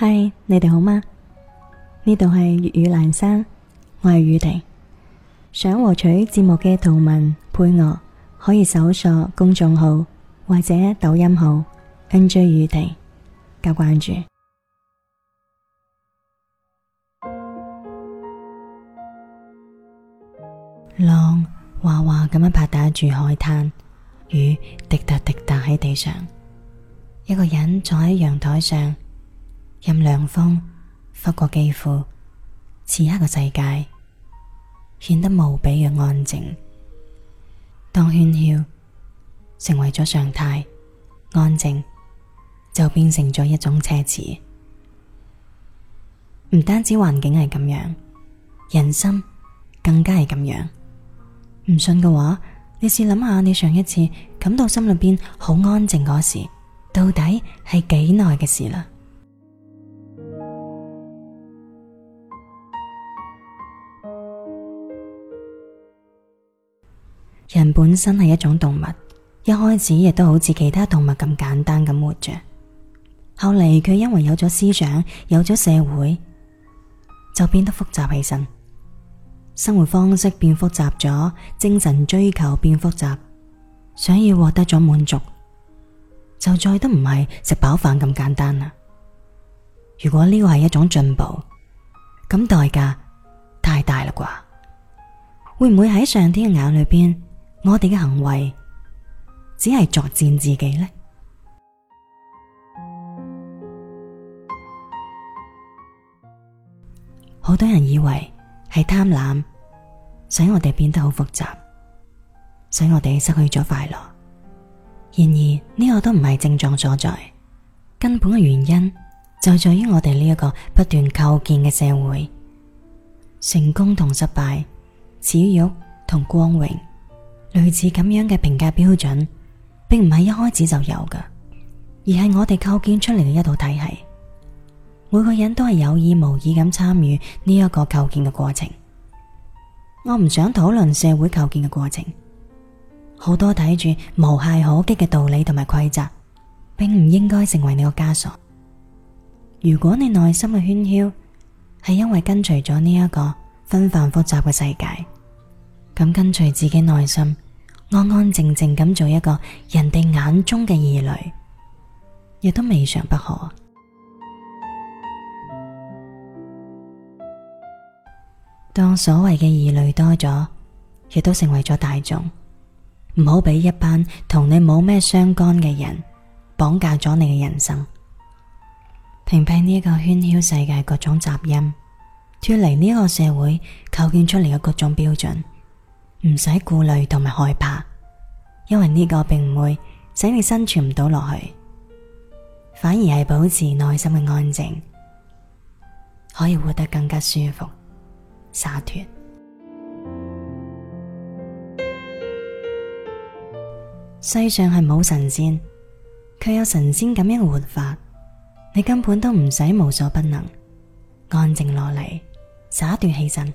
嗨，Hi, 你哋好嗎？呢度係粵語闌珊，我係宇婷。想獲取節目嘅圖文配樂，可以搜索公眾號或者抖音號 NJ 宇婷加關注。浪嘩嘩咁樣拍打住海灘，雨滴答滴答喺地上。一個人坐喺陽台上。任涼風拂過肌膚，此刻嘅世界顯得無比嘅安靜。當喧囂成為咗常態，安靜就變成咗一種奢侈。唔單止環境係咁樣，人心更加係咁樣。唔信嘅話，你試諗下，你上一次感到心裏邊好安靜嗰時，到底係幾耐嘅事啦？人本身係一種動物，一開始亦都好似其他動物咁簡單咁活着。後嚟佢因為有咗思想，有咗社會，就變得複雜起身。生活方式變複雜咗，精神追求變複雜，想要獲得咗滿足，就再都唔係食飽飯咁簡單啦。如果呢個係一種進步，咁代價太大啦啩？會唔會喺上天嘅眼裏邊？我哋嘅行為只係作踐自己呢。好多人以為係貪婪，使我哋變得好複雜，使我哋失去咗快樂。然而呢、這個都唔係症結所在，根本嘅原因就在於我哋呢一個不斷構建嘅社會，成功同失敗，恥辱同光榮。類似咁樣嘅評價標準，並唔係一開始就有嘅，而係我哋構建出嚟嘅一套體系。每個人都係有意無意咁參與呢一個構建嘅過程。我唔想討論社會構建嘅過程，好多睇住無懈可擊嘅道理同埋規則，並唔應該成為你個枷鎖。如果你內心嘅喧囂係因為跟隨咗呢一個紛繁複雜嘅世界。咁跟隨自己內心，安安靜靜咁做一個人哋眼中嘅異類，亦都未嘗不可。當所謂嘅異類多咗，亦都成為咗大眾，唔好俾一班同你冇咩相干嘅人綁架咗你嘅人生，屏蔽呢一個喧囂世界各種雜音，脫離呢個社會構建出嚟嘅各種標準。唔使顧慮同埋害怕，因為呢個並唔會使你生存唔到落去，反而係保持內心嘅安靜，可以活得更加舒服灑脫。世上係冇神仙，卻有神仙咁樣嘅活法，你根本都唔使無所不能，安靜落嚟，灑脫起身。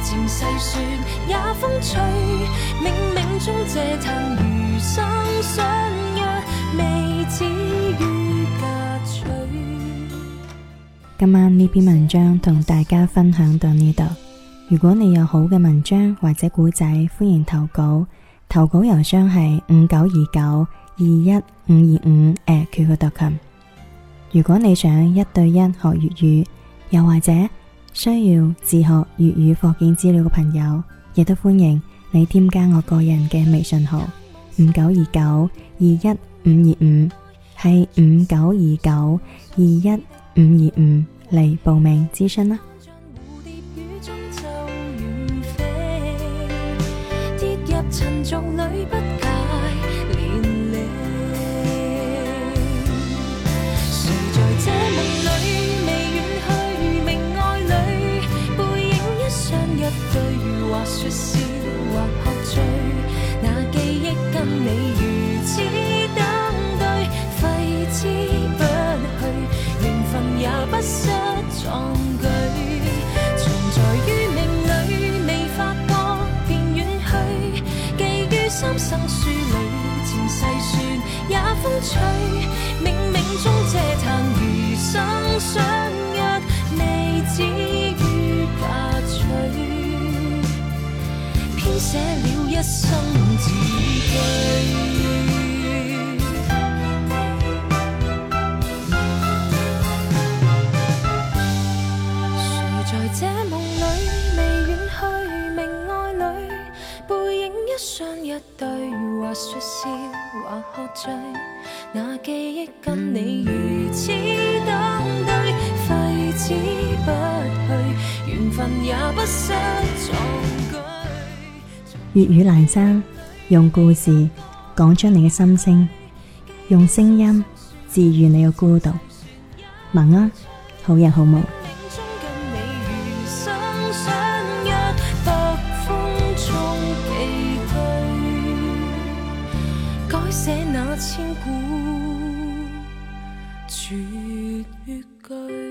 世也冥冥中相未隔，今晚呢篇文章同大家分享到呢度。如果你有好嘅文章或者古仔，歡迎投稿。投稿郵箱係五九二九二一五二五。誒，QQ 點 com。如果你想一對一學粵語，又或者……需要自學粵語課件資料嘅朋友，亦都歡迎你添加我個人嘅微信號五九二九二一五二五，係五九二九二一五二五嚟報名諮詢啦。三生書裏前世算，也風吹冥冥中嗟嘆餘生相約，未止於嫁娶。編寫了一生字句。笑或喝醉，那記憶跟你如此登對，揮之不去，緣分也不失壯舉。粵語闌珊，用故事講出你嘅心聲，用聲音治愈你嘅孤獨。晚安，啊，好人好夢。改寫那千古絕句。